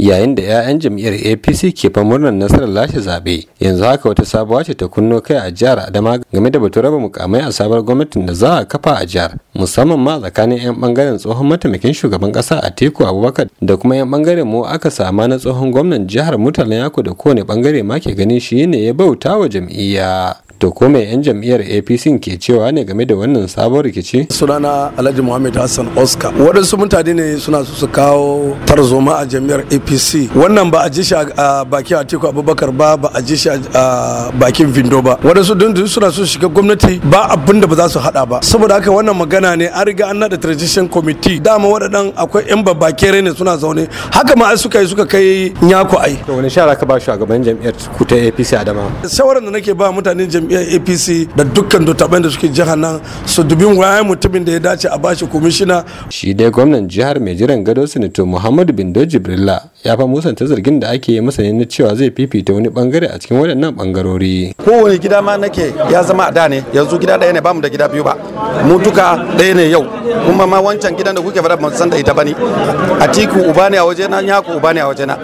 yayin da 'ya'yan jam'iyyar apc ke fa murnar nasarar lashe zaɓe yanzu haka wata sabuwa ce ta kunno kai a jihar adama game da batun raba mukamai a sabar gwamnatin da za a kafa a jihar musamman ma tsakanin 'yan bangaren tsohon mataimakin shugaban ƙasa teku abubakar da kuma 'yan bangaren mu aka sama na tsohon gwamnan jihar murtala yako da kowane bangare ma ke ganin shi ne ya bauta wa jam'iyya to ko mai yan jam'iyyar apc ke cewa ne game da wannan sabon rikici sunana alhaji muhammad hassan oscar waɗansu mutane ne suna su kawo tarzoma a jam'iyyar apc wannan ba a ji shi a bakin atiku abubakar ba ba a ji shi a bakin vindo ba waɗansu dundun suna su shiga gwamnati ba abin da ba za su haɗa ba saboda haka wannan magana ne an riga an naɗa transition committee dama waɗannan akwai yan babbakere ne suna zaune haka ma suka yi suka kai nyako ai to wani shara ka ba shugaban jam'iyyar ku ta apc adama shawaran da nake ba mutanen jam'iyyar jam'iyyar apc da dukkan dottaban da suke jihar nan su dubi waye mutumin da ya dace a bashi komishina shi dai gwamnan jihar mai jiran gado sanato muhammadu bindo jibrilla ya fa musanta zargin da ake yi masa na cewa zai fifita wani bangare a cikin waɗannan bangarori kowane gida ma nake ya zama a da ne yanzu gida ɗaya ne bamu da gida biyu ba mu duka ɗaya ne yau kuma ma wancan gidan da kuke fara ban san da ita bane tiku uba ne a waje wajena ku uba ne a na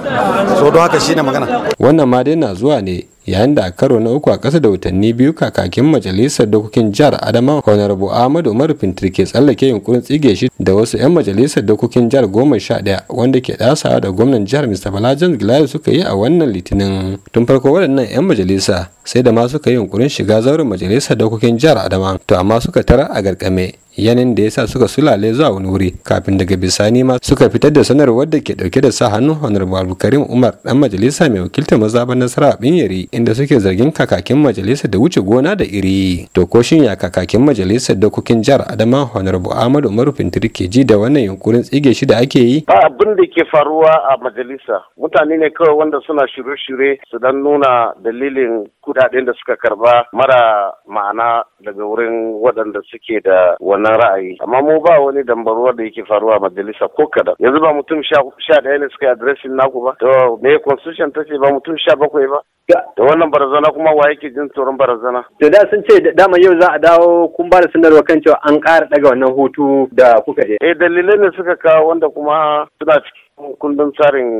so don haka shine magana wannan ma dai na zuwa ne yayin da a karo na uku a ƙasa da watanni biyu kakakin majalisar dokokin jihar adama honorable ahmadu umar fintir ke tsallake yunkurin tsige shi da wasu 'yan majalisar dokokin jihar goma sha ɗaya wanda ke ɗasawa da gwamnan jihar mr james gilayo suka yi a wannan litinin tun farko waɗannan 'yan majalisa sai da ma suka yi yunkurin shiga zauren majalisar dokokin jihar adama to amma suka tara a garkame yanin da yasa suka sulale zuwa wani wuri kafin daga bisani ma suka fitar da sanarwar da ke dauke da sa hannun honorable karim umar dan majalisa mai wakiltar mazaban nasara a binyari inda suke zargin kakakin majalisa da wuce gona da iri to ko shin ya kakakin majalisar dokokin jihar adama honorable ahmadu umaru fintiri ke ji da wannan yunkurin tsige shi da ake yi ba abin da ke faruwa a majalisa mutane ne kawai wanda suna shirye-shirye su dan nuna dalilin kudaden da suka karba mara ma'ana daga wurin waɗanda suke da wani wannan ra'ayi amma mu ba wani dambaruwa da yake faruwa a majalisa ko kada yanzu ba mutum sha ɗaya ne suka yi adireshin naku ba to me constitution ta ce ba mutum sha bakwai ba da wannan barazana kuma wa yake jin tsoron barazana to da sun ce dama yau za a dawo kun ba da sanarwa kan cewa an ƙara daga wannan hutu da kuka je eh dalilai ne suka kawo wanda kuma suna cikin kundin tsarin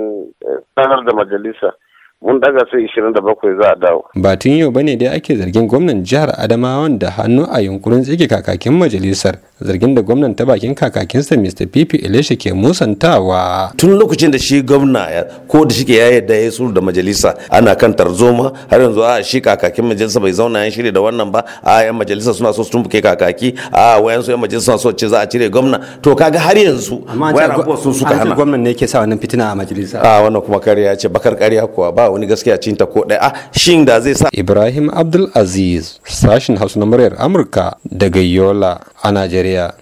eh, sanar da majalisa mun daga sai 27 za a dawo. Ba tun yau ba ne dai ake zargin gwamnan jihar Adamawan da hannu a yunkurin tsige kakakin majalisar zargin da gwamnan ta bakin kakakinsa mr pipi elisha ke musantawa tun lokacin da shi gwamna ko da shike ya yadda ya sulhu da majalisa ana kan tarzoma har yanzu a shi kakakin majalisa bai zauna yan shirya da wannan ba a yan majalisa suna so su tumbuke kakaki a wayan su yan majalisa suna so ce za a cire gwamna to kaga har yanzu wayan abubuwa sun suka hana gwamnan ne yake sa wannan fitina a majalisa a wannan kuma kariya ce bakar kariya kuwa ba wani gaskiya cinta ko ɗaya a shin da zai sa ibrahim abdul aziz sashin hausa na muryar amurka daga yola a najeriya sería